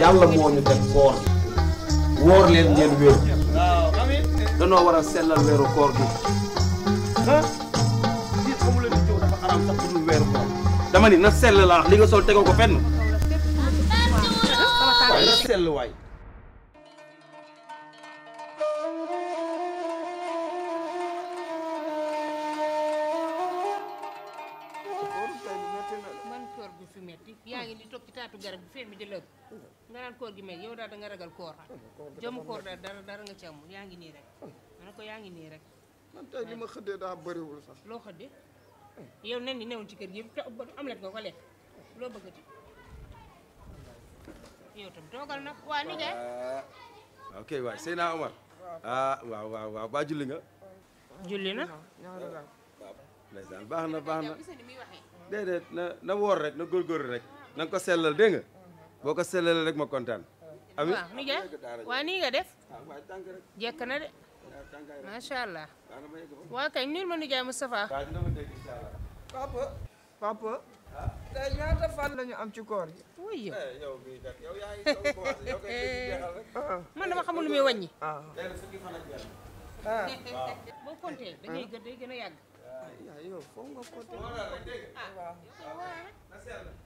yàlla moo ñu def koor woor leen ngeen wér danoo war a sellal weeru koor gi dama ni na sell laa li nga sol tegoo ko fenn waay na sell waay ngeen di toog ci taatu garab bi fee mi di lëg nga naan koor gi meeg yow daal danga nga ragal koor ah jëmu koor daal dara nga ci amul yaa ngi nii rek ma ne ko yaa ngi nii rek man tey li ma xëddee daa bëriwul sax yow nen ni newoon ci kër am lekk ko lekk loo bëggati yow nga julli na ah, ndeysaan baax na baax na déedéet na na woor rek rek na ko sellal dégg nga boo ko sellal rek ma kontaan. ami waaw ni nga waaw nii nga def ah, jekk na de ah, macha allah waaw kay nii ma nijaay Moustapha. papa papa. Ah? tey am ci koor gi. wuy yow eh, yow yaa ngi lu muy wàññi. ah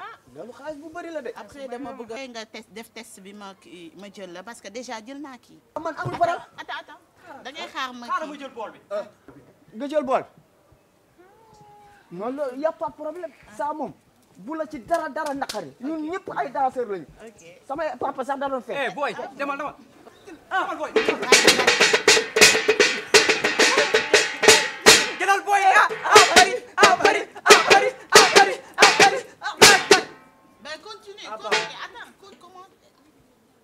ah loolu xaalis bu bëri la de. après dama bëgg a. nga test def test bi ma kii ma jël la parce que déjà jël naa kii. Ah, man amul faral attends attends da ngay xaar ma kii xaaral ma jël bool bi. Ah. nga jël bool. non loolu y' a pas problème ah. ça moom. bu la ci dara dara naqari. ñun ñëpp ay danseur lañu. ok sama papa sax da doon fekk. eh booy demal demal. ah demal booy.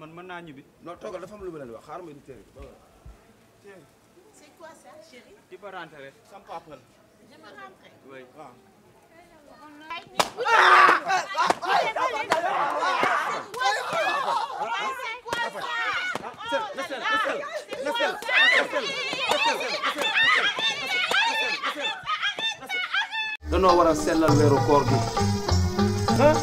man mën naa ñibbi. non toogal dafa am lu ma leen wax xaaral ma indi téere bi. di ba rentrer. sama la. di ba rentrer. oui waaw. danoo a sellal weeru koor gi. ah.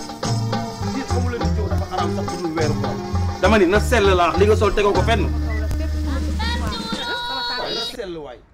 lii xamu leen ni jiw dafa xaram sax bu dul weeru koor. dama ni na sell laa wax li nga sol tegoo ko fenn. waaye na sell waay.